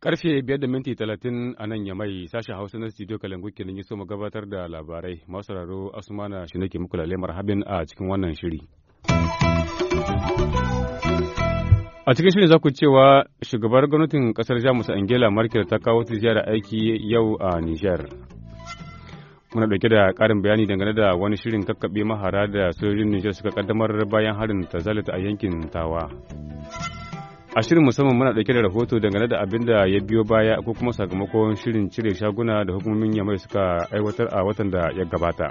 Karfe biyar da minti talatin a nan ya mai sashen Hausa na studio Kalangu kenan ya so mu gabatar da labarai. Masu raro Asmana shi nake muku marhabin a cikin wannan shiri. A cikin shirin za ku cewa shugabar gwamnatin kasar Jamus Angela Merkel ta kawo ziyara aiki yau a Nijar. muna dauke da karin bayani dangane da wani shirin kakkaɓe mahara da sojojin Nijar suka kaddamar bayan harin tazalita a yankin Tawa. A shirin musamman muna dauke da rahoto dangane da abin da ya biyo baya ko kuma sakamakon shirin cire shaguna da hukumomin yamai suka aiwatar a watan da ya gabata.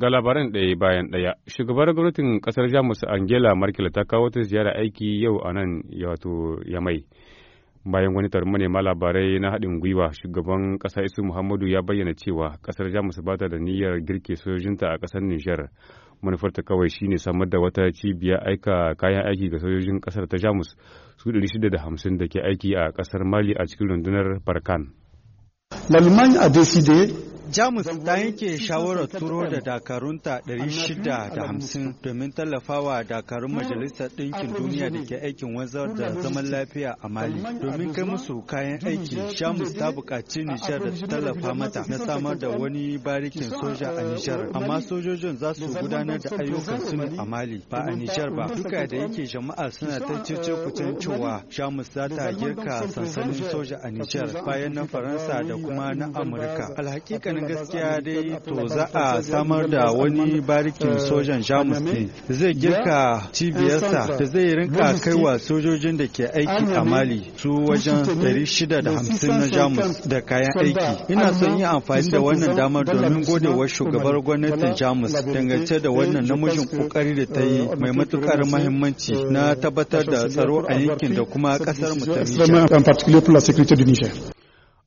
Ga labaran ɗaya bayan ɗaya, shugabar gwamnatin ƙasar Jamus Angela Merkel ta kawo ta ziyara aiki yau a nan wato yamai. bayan wani taron manema labarai na haɗin gwiwa shugaban ƙasa isu muhammadu ya bayyana cewa ƙasar jamus ba ta da niyyar girke sojojinta a ƙasar nijar manufarta kawai shine samar da wata cibiya aika kayan aiki ga sojojin ƙasar ta jamus su 650 da ke aiki a ƙasar mali a cikin rundunar barkan L'Allemagne a décidé Jamus ta yanke shawarar turo da dakarunta 650 domin tallafawa dakarun Majalisar Ɗinkin Duniya da ke aikin wanzar da zaman lafiya a Mali. Domin kai musu kayan aiki, Jamus ta buƙaci Nijar da tallafa mata na samar da wani barikin soja a euh, Nijar. Amma sojojin za su gudanar da ayyukan su a Mali, ba a Nijar ba. Duka da yake jama'a suna ta euh, cece cewa Jamus za ta girka sansanin soja a Nijar bayan na Faransa da kuma na Amurka. Alhakikanin gaskiya dai to za a samar da wani barikin eh, sojan Jamus ne zai girka cibiyarsa da zai rinka kaiwa sojojin da ke aiki a Mali su wajen 650 na Jamus da kayan aiki. Ina son yi amfani da wannan damar domin gode wa shugabar gwamnatin Jamus dangance da eh, wannan namijin kokari eh, da ta yi mai matukar mahimmanci na tabbatar da tsaro a yankin da kuma kasar mu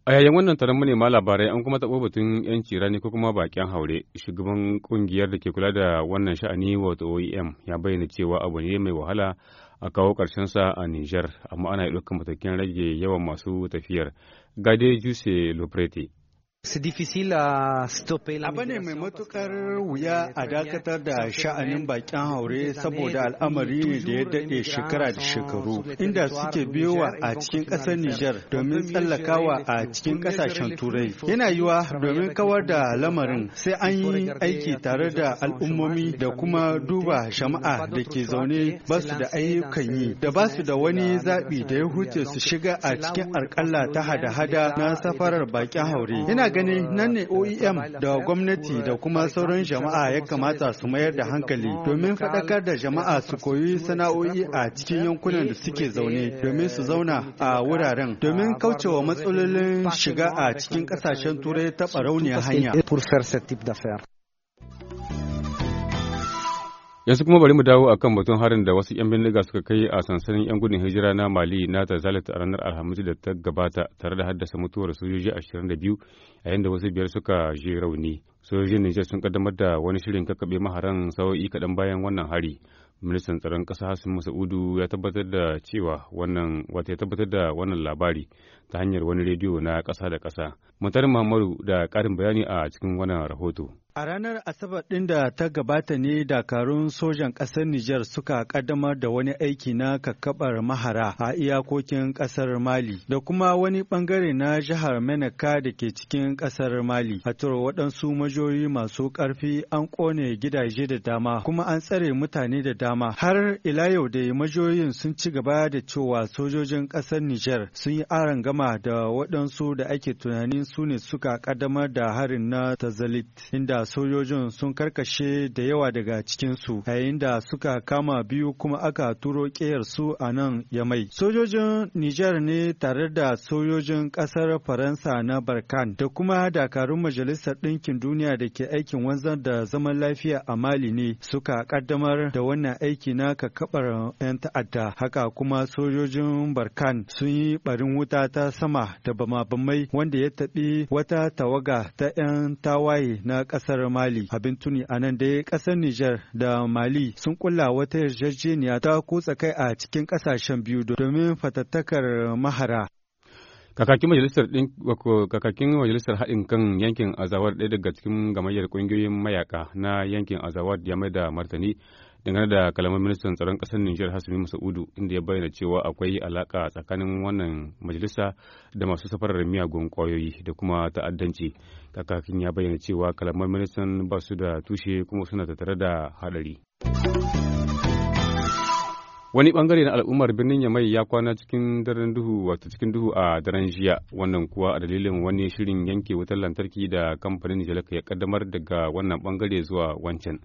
A yayin wannan taron manema labarai an kuma taɓo batun ‘yanci rani ko kuma bakin haure. Shugaban ƙungiyar da ke kula da wannan sha'ani wato OEM ya bayyana cewa abu ne mai wahala a kawo sa a Nijar, amma ana ɗaukan matakin rage yawan masu tafiyar. Gade Juse Loprete. A Abu ne mai matukar wuya a dakatar da sha'anin bakin haure saboda al'amari ne da ya dade shekara da shekaru inda suke biyowa a cikin ƙasar Nijar domin tsallakawa a cikin ƙasashen Turai. Yana yiwa domin kawar da lamarin sai an yi aiki tare da al'ummomi da kuma duba shama'a da ke zaune ba su da ayyukan yi da ba su da wani zaɓi da ya huce su shiga a cikin alƙalla ta hada-hada na safarar bakin haure. Yana gani nan ne OEM da gwamnati da kuma sauran jama'a ya kamata su mayar da hankali domin faɗakar da jama'a su koyi sana'o'i a cikin yankunan da suke zaune domin su zauna a wuraren domin kaucewa matsalolin shiga a cikin ƙasashen turai ta ɓarauniyar hanya. Yanzu kuma bari mu dawo a kan batun harin da wasu 'yan bindiga suka kai a sansanin 'yan gudun hijira na Mali na Tazalit a ranar Alhamis da ta gabata tare da haddasa mutuwar sojoji 22 yayin da wasu biyar suka je rauni. Sojojin Nijar sun kaddamar da wani shirin kakkaɓe maharan sa'o'i kaɗan bayan wannan hari. Ministan tsaron ƙasa Hassan Masaudu ya tabbatar da cewa wannan wata ya tabbatar da wannan labari ta hanyar wani rediyo na kasa da kasa Mutar Muhammadu da karin bayani a cikin wannan rahoto. A ranar Asabar ɗin da ta gabata ne dakarun sojan ƙasar Nijar suka ƙaddamar da wani aiki na kakkaɓar mahara a iyakokin ƙasar Mali da kuma wani ɓangare na jihar Menaka da ke cikin ƙasar Mali. A turo waɗansu majoyi masu ƙarfi an ƙone gidaje da dama kuma an tsare mutane da dama. Har ila yau da majoyin sun ci gaba da cewa sojojin ƙasar Nijar sun yi aron gama da waɗansu da ake tunanin su ne suka ƙaddamar da harin na Tazalit inda sojojin sun karkashe da yawa daga cikinsu yayin da suka kama biyu kuma aka turo su a nan yamai. Sojojin Nijar ne tare da sojojin ƙasar Faransa na Barkan da kuma dakarun Majalisar Ɗinkin Duniya da ke aikin wanzar da zaman lafiya a Mali ne suka ƙaddamar da wannan aiki na kakabar 'yan ta'adda. Haka kuma sojojin Barkan sun yi barin wuta ta sama da bama-bamai wanda ya taɓi wata tawaga ta 'yan tawaye na ƙasar kasar Mali. Abin tuni a nan dai kasar Nijar da Mali sun kulla wata yarjejeniya ta kutsa kai a cikin kasashen biyu domin fatattakar mahara. Kakakin majalisar kakakin majalisar haɗin kan yankin Azawar ɗaya daga cikin gamayyar ƙungiyoyin mayaka na yankin Azawar ya mai da martani dangane da kalamar ministan tsaron ƙasar Nijar Hasumi Masaudu inda ya bayyana cewa akwai alaka tsakanin wannan majalisa da masu safarar miyagun kwayoyi da kuma ta'addanci. Kakakin ya bayyana cewa kalamar ministan ba su da tushe kuma suna tattare da haɗari. Wani bangare na al'ummar birnin Yamai ya kwana cikin daren duhu wato cikin duhu a daren jiya wannan kuwa a dalilin wani shirin yanke wutar lantarki da kamfanin jalak ya kaddamar daga wannan bangare zuwa wancan.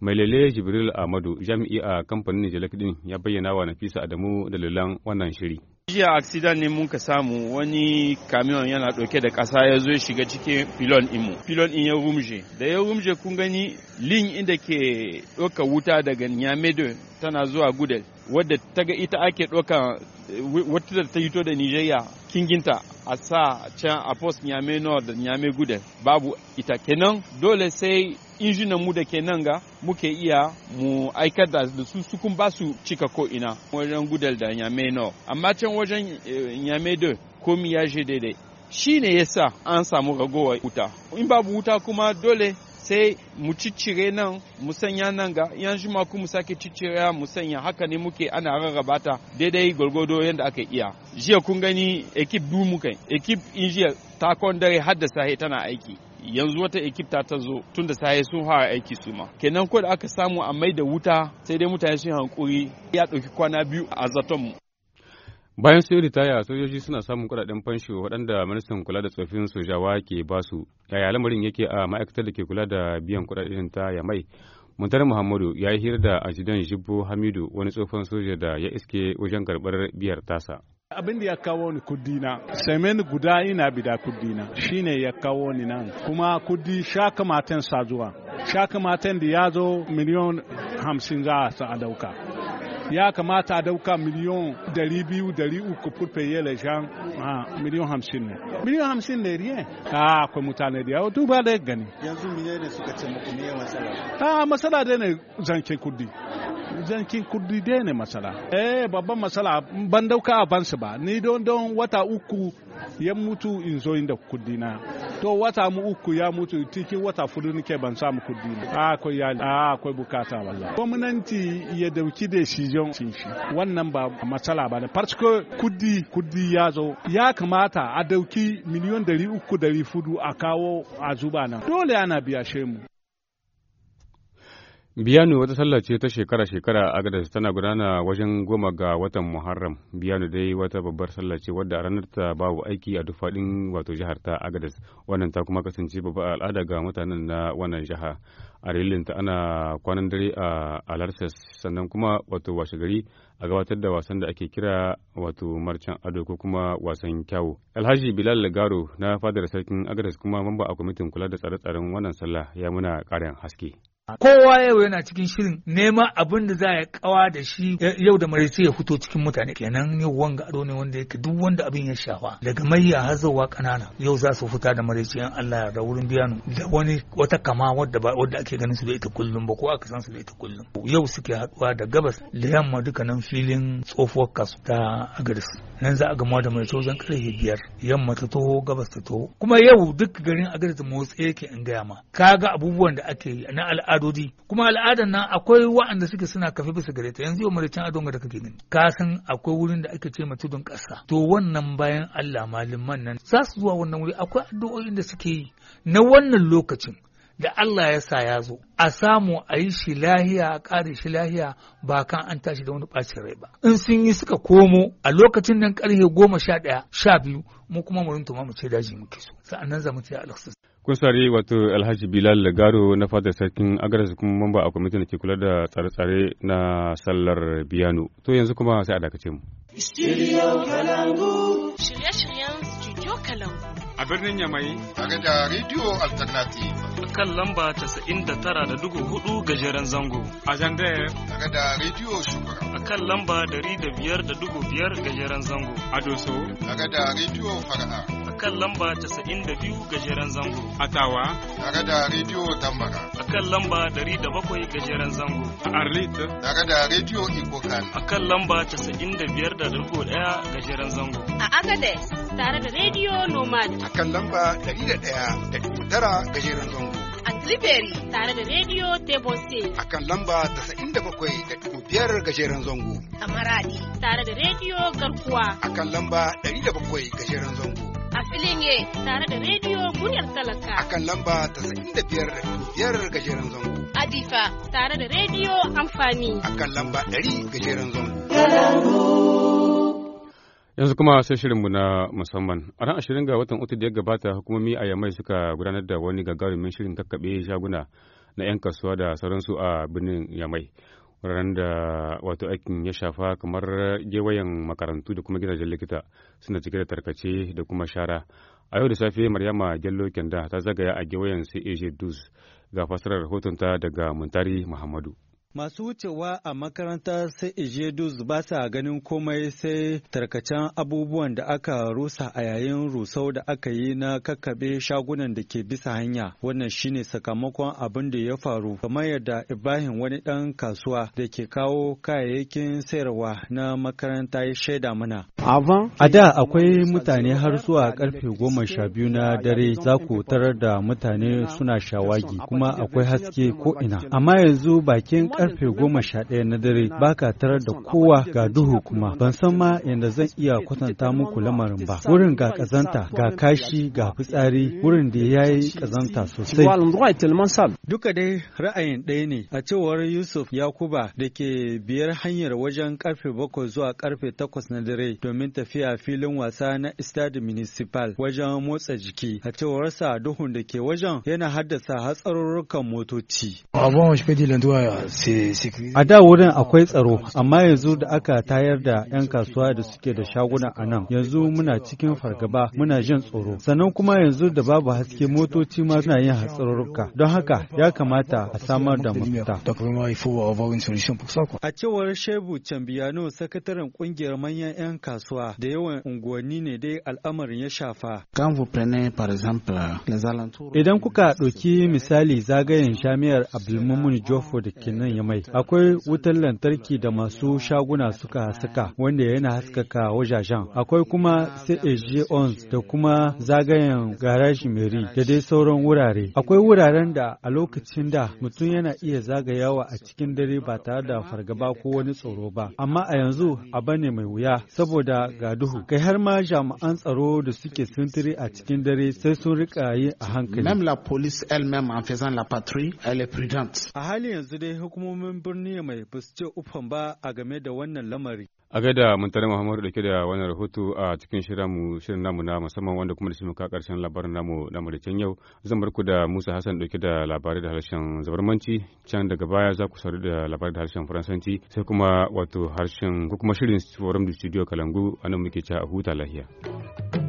Mai lele Jibril Ahmadu jami'i a kamfanin jalak din ya bayyana wa Nafisa Adamu dalilan wannan shiri. jiya accident ne mun ka samu wani kamion yana dauke da kasa ya zo shiga cikin filon mu. filon in ya rumje da ya rumje kun gani lin inda ke doka wuta daga nyamedo tana zuwa gudel wadda ta ga ita ake doka eh, wata da ta hito da nigeria kinginta a sa can a post nyame nord da nyame gudel babu ita kenan dole sai injinan mu da ke nan ga muke iya mu aikar da su su kun ba su cika ko ina wajen gudal da nyame no amma can wajen eh, nyame da komi ya je daidai shi ne yasa an samu ragowar wuta in babu wuta kuma dole sai mu ciccire nan mu sanya nan ga yan ma ku mu sake ciccire mu sanya haka ne muke ana rarraba ta daidai gwargwado yadda aka iya jiya kun gani ekip du muka ekip injiya ta dare har da sahi tana aiki yanzu wata ekipta ta zo tun da saye sun fara aiki su ma kenan ko da aka samu a mai da wuta sai dai mutane sun hankuri ya ɗauki kwana biyu a zaton mu bayan sun ritaya sojoji suna samun kudaden fansho waɗanda ministan kula da tsofin sojawa ke ba basu yaya lamarin yake a ma'aikatar da ke kula da biyan kudaden ta ya mai muntar muhammadu ya yi hira da ajidan jibbo hamidu wani tsofan soja da ya iske wajen karɓar biyar tasa abin da ya kawo ni na semen guda ina bida na shine ya kawo ni nan kuma kuddi sha kamatan zuwa sha kamatan da ya zo miliyon hamsin za a dauka ya kamata a dauka miliyon dari biyu dari uku furfe yele a miliyon hamsin ne miliyon hamsin ne riye a ah, akwai mutane da yawa duba da gani yanzu miliyon ne suka ce muku ne matsala a ah, matsala dai ne zancen kudi zancen kudi dai ne matsala eh babban matsala ban dauka a bansu ba ni don don wata uku ya mutu in zo inda kudi na to wata mu uku ya mutu cikin wata fudu nake ban samu kudi a akwai yali a akwai bukata wallahi gwamnati ya dauki da shi jon shi wannan ba matsala ba ne farko kudi kudi ya zo ya kamata a dauki miliyon dari uku dari fudu a kawo a zuba nan dole ana biya shemu Biyanu wata sallah ce ta shekara-shekara a tana gudana wajen goma ga watan Muharram. Biyanu dai wata babbar sallah ce wadda a ranar ta babu aiki a duk faɗin wato jihar ta Agadez. Wannan ta kuma kasance babbar al'ada ga mutanen na wannan jiha. A ta ana kwanan dare a Alarsas sannan kuma wato washe gari a gabatar da wasan da ake kira wato marcan ado ko kuma wasan kyawu. Alhaji Bilal Garo na fadar sarkin Agadez kuma mamba a kwamitin kula da tsare-tsaren wannan sallah ya muna ƙarin haske. kowa yau yana cikin shirin neman abin da za ya kawa da shi yau da maraice ya fito cikin mutane kenan yau wanga ado ne wanda yake duk wanda abin ya shafa daga mayya har zuwa kanana yau za su fita da maraice in Allah ya da wurin biyanu da wani wata kama wadda ba wadda ake ganin su da ita kullum ba ko aka san su da ita kullum yau suke haduwa da gabas da yamma dukkanin filin tsofuwar kasu ta agaris nan za a gama da maraice zan karfe biyar yamma ta taho gabas ta taho kuma yau duk garin agaris motsi yake in gaya ma kaga abubuwan da ake na al'adu al'adodi kuma al'adan nan akwai wa'anda suke suna kafe bisa gare ta yanzu yau maricin adon da kake gani ka san akwai wurin da ake ce tudun ƙasa to wannan bayan Allah malaman nan za su zuwa wannan wuri akwai addu'o'in da suke yi na wannan lokacin da Allah ya sa ya zo a samu a yi shi lahiya a ƙare shi lahiya ba kan an tashi da wani ɓacin rai ba in sun yi suka komo a lokacin nan ƙarfe goma sha ɗaya sha biyu mu kuma mu ma mu ce daji muke so sa'annan za mu ce alexis kun sare wato alhaji bilal lagaro na fadar sarkin agaras kuma mamba a kwamitin da ke kula da tsare-tsare na sallar biyano to yanzu kuma sai a dakace mu shirye-shiryen a birnin Yamai. Tare da Radio Alternative. A kan lamba tara da dugu hudu gajeren zango. A Zandaya. Tare da Radio Shugura. A kan lamba dari da biyar da biyar gajeren zango. A Doso. Tare da Radio Fara'a. kan lamba 92 gajeren zango. a Tawa tare da Radio Tambara. A kan lamba 107 gajeren zango. A Arlita. tare da Radio Ikokan. A kan lamba 95.1 gajeren zango. A Agades. tare da Radio Nomad. A kan lamba 101.9 gajeren zango. A Tilibiri tare da Radio Tebose. A kan lamba 97.5 gajeren zango. A Maradi tare da Radio Garkuwa. A kan lamba 107 gajeren zango. A Filinge tare da Radio Muryar Talaka. A kan lamba 95.5 gajeren zango. A Difa tare da Radio Amfani. A kan lamba 100 gajeren zango. Galangu. Yanzu kuma sai shirinmu na musamman. A ran ashirin ga watan Uku da ya gabata hukumomi a Yamai suka gudanar da wani gagarumin shirin kakkaɓe shaguna na 'yan kasuwa da sauransu a birnin Yamai. Ranar da wato aikin ya shafa kamar gewayen makarantu da kuma gidajen likita suna cike da tarkace da kuma shara. A yau da safe Maryama Gello Kenda ta zagaya a gewayen CAG Dus ga fasarar rahotonta daga Muntari Muhammadu. Masu wucewa a makaranta sai Ijedus ba sa ganin komai sai tarkacen abubuwan da aka rusa a yayin rusau da aka yi na kakkaɓe shagunan da ke bisa hanya. Wannan shine sakamakon abin da ya faru. Kamar yadda Ibrahim wani ɗan kasuwa da ke kawo kayayyakin sayarwa na makaranta ya shaida mana. A da akwai mutane har zuwa karfe goma sha biyu na dare za ku tarar da mutane suna shawagi kuma akwai haske ko ina. Amma yanzu bakin karfe goma sha ɗaya na dare ba ka tarar da kowa ga duhu kuma ban san ma yadda zan iya kwatanta muku lamarin ba wurin ga kazanta ga kashi ga fitsari wurin da ya yi kazanta sosai duka dai ra'ayin ɗaya ne a cewar yusuf yakuba da ke biyar hanyar wajen karfe bakwai zuwa karfe takwas na dare domin tafiya filin wasa na stade municipal wajen motsa jiki a cewarsa duhun da ke wajen yana haddasa hatsarurrukan motoci. A da wurin akwai tsaro, amma yanzu da aka tayar da 'yan kasuwa da suke da shaguna a nan, yanzu muna cikin fargaba muna jin tsoro. Sannan kuma yanzu da babu haske motoci ma suna yin hatsarurruka. Don haka ya kamata a samar da mafita. A cewar Shebu Cambiyano, sakataren kungiyar manyan 'yan kasuwa da yawan unguwanni ne dai al'amarin ya shafa. Idan kuka ɗauki misali zagayen jami'ar Abdulmumun Jofo da ke nan mai Akwai wutar lantarki da masu shaguna suka saka wanda yana haskaka wajajen. Akwai kuma CAG ONS da kuma zagayen garaji Meri da dai sauran wurare. Akwai wuraren da a lokacin da mutum yana iya zagayawa a cikin dare ba tare da fargaba ko wani tsoro ba. Amma a yanzu a ne mai wuya saboda ga duhu. Kai har ma jami'an tsaro da suke sintiri a cikin dare sai sun rika yi a hankali. Même la police elle-même en la patrie, elle est A hali yanzu dai hukumomi hukumomin birni mai ce ufan ba a game da wannan lamari. A gaida Muntari Muhammadu dauke da wannan rahoto a cikin shirin namu na musamman wanda kuma da shi muka karshen labarin namu na maraicen yau zan bar ku da Musa Hassan dauke da labarai da harshen zabarmanci can daga baya za ku sauri da labarai da harshen faransanci sai kuma wato harshen ko kuma shirin forum da studio Kalangu anan muke ci a huta lahiya.